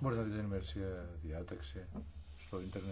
Μπορείτε να δείτε την ημερησία διάταξη στο ίντερνετ.